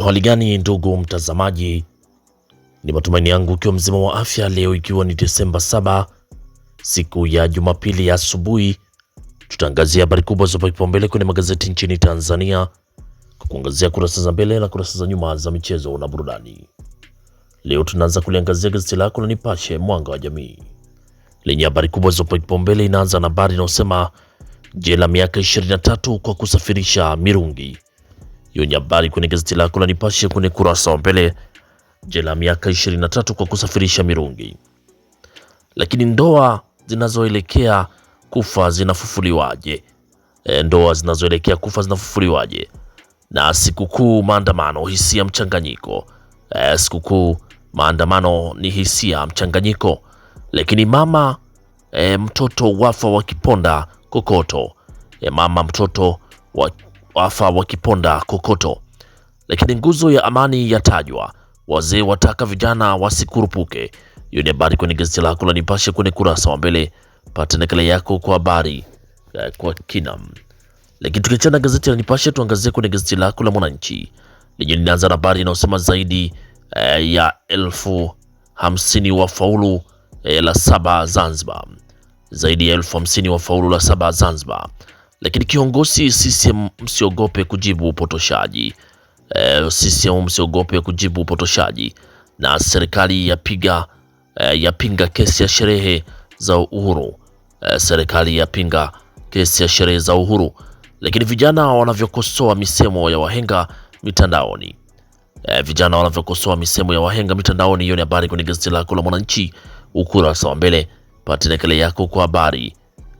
Uhali gani ndugu mtazamaji, ni matumaini yangu ukiwa mzima wa afya leo, ikiwa ni Desemba saba, siku ya Jumapili ya asubuhi, tutaangazia habari kubwa zopa kipaumbele kwenye magazeti nchini Tanzania, kwa kuangazia kurasa za mbele na kurasa za nyuma za michezo na burudani. Leo tunaanza kuliangazia gazeti lako la Nipashe Mwanga wa Jamii lenye habari kubwa zopa kipaumbele. Inaanza na habari inayosema jela miaka 23 kwa kusafirisha mirungi hiyo ni habari kwenye gazeti lako la Nipashe kwenye kurasa wa mbele. Jela miaka 23 kwa kusafirisha mirungi. Lakini ndoa zinazoelekea kufa zinafufuliwaje? E, ndoa zinazoelekea kufa zinafufuliwaje? Na sikukuu maandamano hisia mchanganyiko. E, sikukuu maandamano ni hisia mchanganyiko. Lakini mama e, mtoto wafa wakiponda kokoto. E, mama mtoto wa wafa wakiponda kokoto. Lakini nguzo ya amani yatajwa, wazee wataka vijana wasikurupuke. Hiyo ni habari kwenye gazeti lako la Nipashe kwenye kurasa wa mbele. Pata nakala yako kwa habari eh, kwa kina. Lakini tukiachana gazeti la Nipashe, tuangazie kwenye gazeti lako la Mwananchi lenye linaanza na habari inayosema zaidi eh, ya elfu hamsini wafaulu eh, la saba Zanzibar, zaidi ya elfu hamsini faulu la saba Zanzibar. Lakini kiongozi CCM, msiogope kujibu upotoshaji. E, eh, CCM msiogope kujibu upotoshaji. Na serikali yapiga e, yapinga kesi ya sherehe za uhuru. E, serikali yapinga kesi ya sherehe za uhuru. Lakini vijana wanavyokosoa misemo ya wahenga mitandaoni. E, vijana wanavyokosoa misemo ya wahenga mitandaoni. Hiyo ni habari kwenye gazeti lako la Mwananchi ukurasa wa mbele. Pata nakala yako kwa habari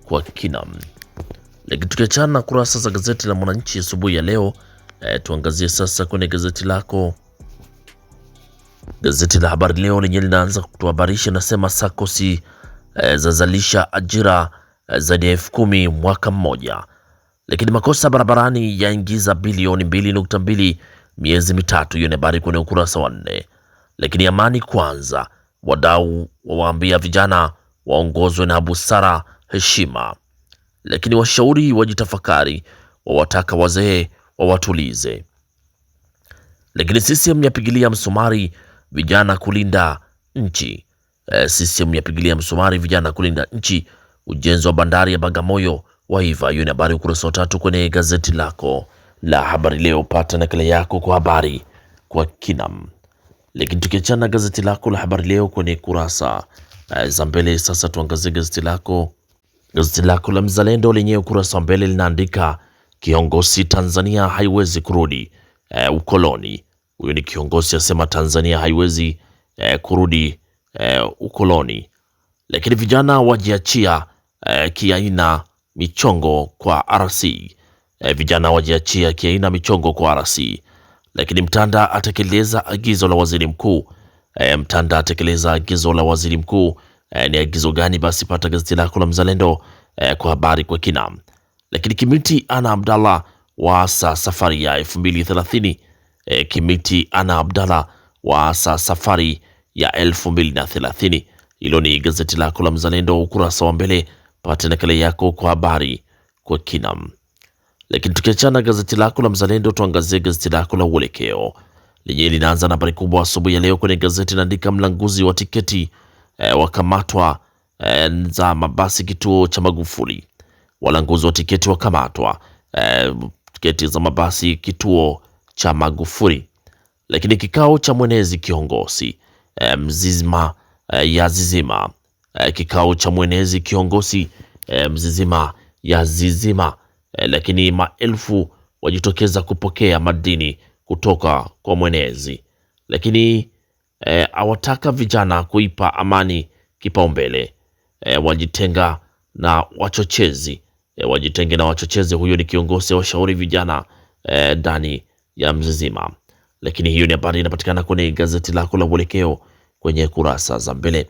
kwa kinam. Lakini tukiachana kurasa za gazeti la Mwananchi asubuhi ya leo e, tuangazie sasa kwenye gazeti lako gazeti la Habari Leo lenyewe linaanza kutuhabarisha, nasema sakosi e, eh, zazalisha ajira e, zaidi ya elfu kumi mwaka mmoja. Lakini makosa barabarani yaingiza bilioni mbili nukta mbili miezi mitatu. Hiyo ni habari kwenye ukurasa wa nne. Lakini amani kwanza, wadau wawaambia vijana waongozwe na busara, heshima lakini washauri wajitafakari, wawataka wazee wawatulize. Lakini CCM yapigilia msumari vijana kulinda nchi. E, CCM yapigilia msumari vijana kulinda nchi. Ujenzi wa bandari ya Bagamoyo waiva. Hiyo ni habari ukurasa wa tatu kwenye gazeti lako la Habari Leo. Pata nakala yako kwa habari kwa kinam. Lakini tukiachana na gazeti lako la Habari Leo kwenye kurasa e, za mbele, sasa tuangazie gazeti lako Gazeti lako la Mzalendo lenye ukurasa wa mbele linaandika kiongozi Tanzania haiwezi kurudi e, ukoloni. Huyu ni kiongozi asema Tanzania haiwezi e, kurudi e, ukoloni. Lakini vijana wajiachia e, kiaina michongo kwa RC e, vijana wajiachia kiaina michongo kwa RC. Lakini Mtanda atekeleza agizo la waziri mkuu e, Mtanda atekeleza agizo la waziri mkuu e, ni agizo gani? Basi pata gazeti lako la Mzalendo e, kwa habari kwa kina. Lakini Kimiti Ana Abdalla waasa safari ya 2030 e, eh, Kimiti Ana Abdalla waasa safari ya 2030. Hilo ni gazeti lako la Mzalendo ukurasa wa mbele, pata nakala yako kwa habari kwa kina. Lakini tukiachana gazeti lako la Mzalendo, tuangazie gazeti lako la Uelekeo lenyewe linaanza na habari kubwa asubuhi ya leo kwenye gazeti, inaandika mlanguzi wa tiketi e, wakamatwa e, za mabasi kituo cha Magufuli. Walanguzi wa tiketi wakamatwa e, tiketi za mabasi kituo cha Magufuli. Lakini kikao cha mwenezi kiongozi e, Mzizima e, ya Zizima e, kikao cha mwenezi kiongozi e, Mzizima ya Zizima e, lakini maelfu wajitokeza kupokea madini kutoka kwa mwenezi lakini e, awataka vijana kuipa amani kipaumbele e, wajitenga na wachochezi e, eh, wajitenge na wachochezi. Huyo ni kiongozi washauri vijana ndani e, ya Mzizima. Lakini hiyo ni habari inapatikana kwenye gazeti lako la mwelekeo kwenye kurasa za mbele.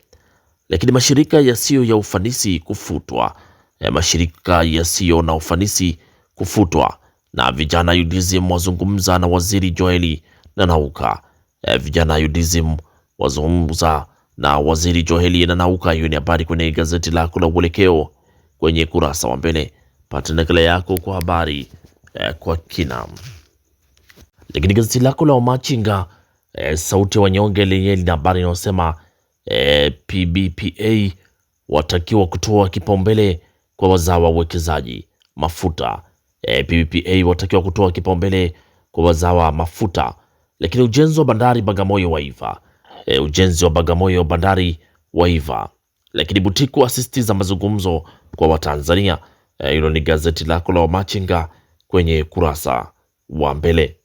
Lakini mashirika yasiyo ya ufanisi kufutwa e, mashirika yasiyo na ufanisi kufutwa na vijana UDSM wazungumza na waziri Joeli Nanauka eh, vijana UDSM wazungumza na waziri Joeli Nanauka. Hiyo ni habari kwenye gazeti lako la Uelekeo kwenye kurasa wa mbele, pata nakala yako kwa habari eh, kwa kina. Lakini gazeti lako la Wamachinga eh, sauti ya wanyonge lenye lina habari inayosema eh, PBPA watakiwa kutoa kipaumbele kwa wazawa wa uwekezaji mafuta. E, eh, PBPA watakiwa kutoa kipaumbele kwa wazawa mafuta lakini ujenzi wa bandari Bagamoyo waiva. E, ujenzi wa Bagamoyo bandari waiva, lakini Butiku za mazungumzo kwa Watanzania. E, hilo e, ni gazeti lako la Wamachinga kwenye kurasa wa mbele,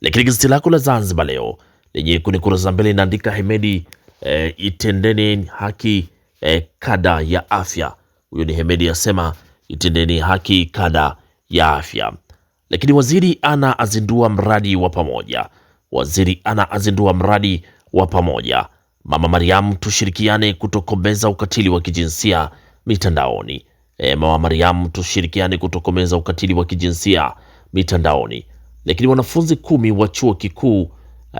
lakini gazeti lako la Zanzibar Leo lenye kwenye kurasa za mbele inaandika Hemedi e, itendeni haki e, kada ya afya. Huyo ni Hemedi asema itendeni haki kada ya afya. Lakini waziri ana azindua mradi wa pamoja, waziri ana azindua mradi wa pamoja. Mama Mariam, tushirikiane kutokomeza ukatili wa kijinsia mitandaoni. E, mama Mariam, tushirikiane kutokomeza ukatili wa kijinsia mitandaoni. Lakini wanafunzi kumi wa chuo kikuu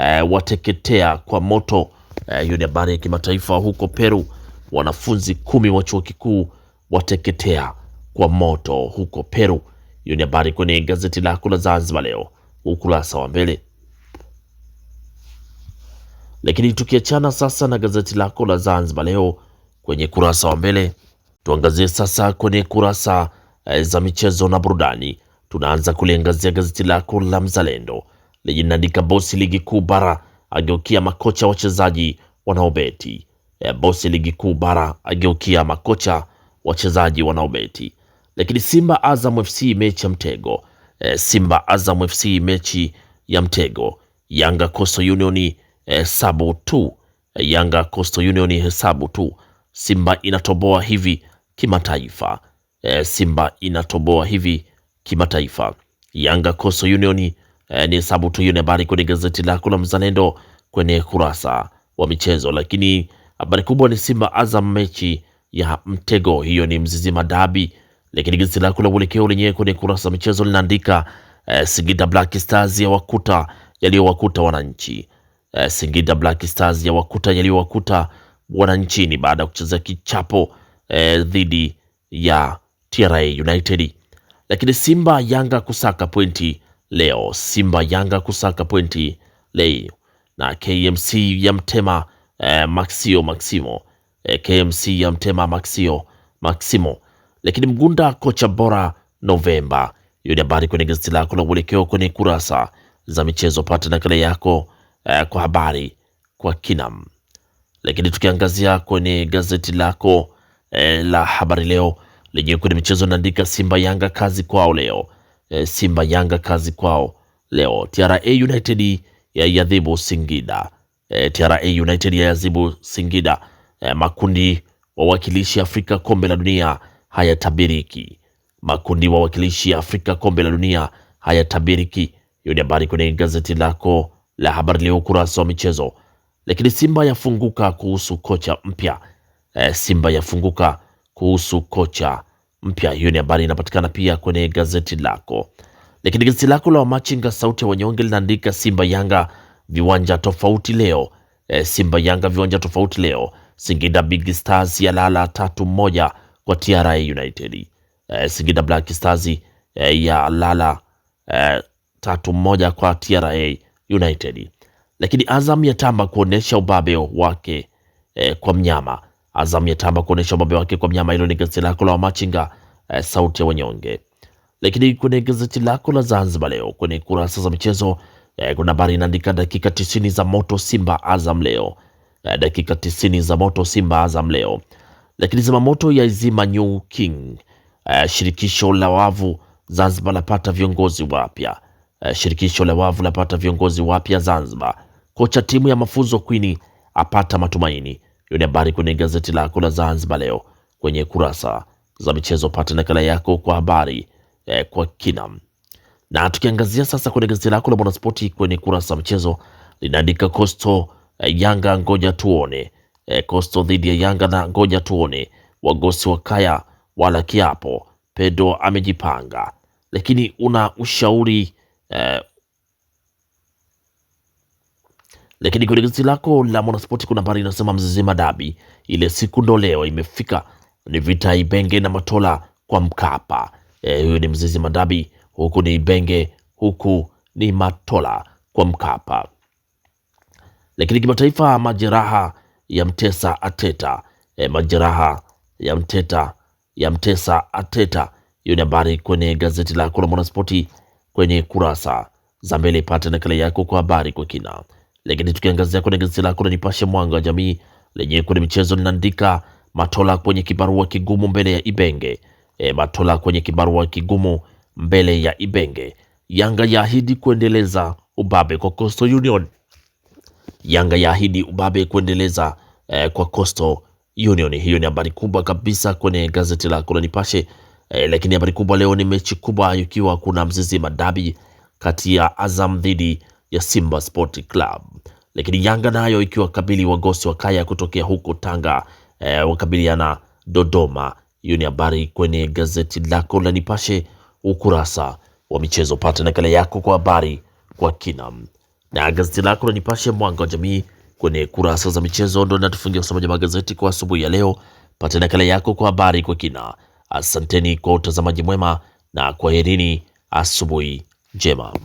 e, wateketea kwa moto e, ni habari ya kimataifa huko Peru. Wanafunzi kumi wa chuo kikuu wateketea kwa moto huko Peru. Hiyo ni habari kwenye gazeti lako la Zanzibar Leo ukurasa wa mbele. Lakini tukiachana sasa na gazeti lako la Zanzibar Leo kwenye kurasa wa mbele, tuangazie sasa kwenye kurasa eh, za michezo na burudani. Tunaanza kuliangazia gazeti lako la Mzalendo lenye linaandika bosi ligi kuu bara ageukia makocha wachezaji wanaobeti. E, eh, bosi ligi kuu bara ageukia makocha wachezaji wanaobeti. Lakini Simba Azam FC mechi ya mtego e, Simba Azam FC mechi ya mtego. Yanga Coastal Union hesabu eh, tu, Yanga Coastal Union hesabu eh, tu. Simba inatoboa hivi kimataifa e, Simba inatoboa hivi kimataifa. Yanga Coastal Union e, ni hesabu tu. Hiyo ni habari kwenye gazeti lako la Mzalendo kwenye kurasa wa michezo, lakini habari kubwa ni Simba Azam mechi ya mtego. Hiyo ni Mzizima Dabi lakini gazeti lako la Uelekeo lenyewe kwenye kurasa za michezo linaandika eh, Singida Black Stars ya wakuta yaliyowakuta wananchi eh, Singida Black Stars ya wakuta yaliyowakuta ni baada ya kucheza kichapo eh, dhidi ya TRA United. Lakini Simba Yanga kusaka pointi leo, Simba Yanga kusaka pointi leo na KMC ya mtema eh, Maxio Maximo eh, KMC ya mtema Maxio Maximo lakini Mgunda kocha bora Novemba. Hiyo ni habari kwenye gazeti lako la Uelekeo kwenye kurasa za michezo, pata nakala yako eh, kwa habari kwa kinam. Lakini tukiangazia kwenye gazeti lako eh, la Habari Leo lenye kwenye michezo naandika Simba Yanga kazi kwao leo eh, Simba Yanga kazi kwao leo. TRA United yadhibu Singida eh, TRA United yadhibu Singida eh, makundi wawakilishi Afrika kombe la dunia hayatabiriki. Makundi wa wakilishi Afrika kombe la dunia hayatabiriki. Hiyo ni habari kwenye gazeti lako la habari leo ukurasa wa michezo. Lakini Simba yafunguka kuhusu kocha mpya e, Simba yafunguka kuhusu kocha mpya. Hiyo ni habari inapatikana pia kwenye gazeti lako. Lakini gazeti lako la Wamachinga sauti ya wanyonge linaandika Simba Yanga viwanja tofauti leo e, Simba Yanga viwanja tofauti leo. Singida Big Stars ya tatu moja kwa TRA United. E, Singida Black Stars e, ya lala e, tatu moja kwa TRA United, lakini Azam yatamba kuonesha ubabe wake e, kwa mnyama. Azam yatamba kuonesha ubabe wake kwa mnyama. Hilo ni gazeti lako la Wamachinga e, sauti ya wanyonge. Lakini kwenye gazeti lako la Zanzibar leo kwenye kurasa za michezo e, kuna habari inaandika dakika tisini za moto Simba Azam leo e, dakika tisini za moto Simba Azam leo lakini zimamoto ya izima New King. Uh, shirikisho la wavu Zanzibar lapata viongozi wapya. Uh, shirikisho la wavu lapata viongozi wapya Zanzibar. Kocha timu ya mafunzo Kwini apata matumaini. Hiyo ni habari kwenye gazeti lako la Zanzibar leo kwenye kurasa za michezo. Pata nakala yako kwa habari eh, kwa kina. Na tukiangazia sasa kwenye gazeti lako la Mwanaspoti kwenye kurasa za michezo linaandika Coastal, eh, Yanga ngoja tuone Eh, kosto dhidi ya Yanga na ngoja tuone. Wagosi wa kaya wala kiapo. Pedro amejipanga, lakini una ushauri eh, lakini kwenye gazeti lako la Mwanaspoti kuna habari inasema Mzizima dabi ile siku ndo leo imefika, ni vita Ibenge na Matola kwa Mkapa. E, huyu ni Mzizima dabi, huku ni Ibenge, huku ni Matola kwa Mkapa. Lakini kimataifa majeraha ya mtesa Ateta. E, majeraha ya mteta ya mtesa Ateta. Hiyo ni habari kwenye gazeti lako la Mwanaspoti kwenye kurasa za mbele, ipate nakala yako kwa habari kwa kina. Lakini tukiangazia kwenye gazeti lako la Nipashe Mwanga wa Jamii lenye kwenye michezo linaandika Matola kwenye kibarua kigumu mbele ya Ibenge. E, Matola kwenye kibarua kigumu mbele ya Ibenge. Yanga yaahidi kuendeleza ubabe kwa Coastal Union. Yanga yaahidi ubabe kuendeleza eh, kwa Coastal Union. Hiyo ni habari kubwa kabisa kwenye gazeti lako la Nipashe eh, lakini habari kubwa leo ni mechi kubwa, ikiwa kuna mzizi madabi kati ya Azam dhidi ya Simba Sport Club, lakini Yanga nayo ikiwa kabili wagosi wa kaya kutokea huko Tanga eh, wakabiliana Dodoma. Hiyo ni habari kwenye gazeti lako la Nipashe ukurasa wa michezo. Pata nakala yako kwa habari kwa kina na gazeti lako la Nipashe mwanga wa jamii kwenye kurasa za michezo ndo linatufungia usomaji wa magazeti kwa asubuhi ya leo. Pata nakala yako kwa habari kwa kina. Asanteni kwa utazamaji mwema na kwaherini, asubuhi njema.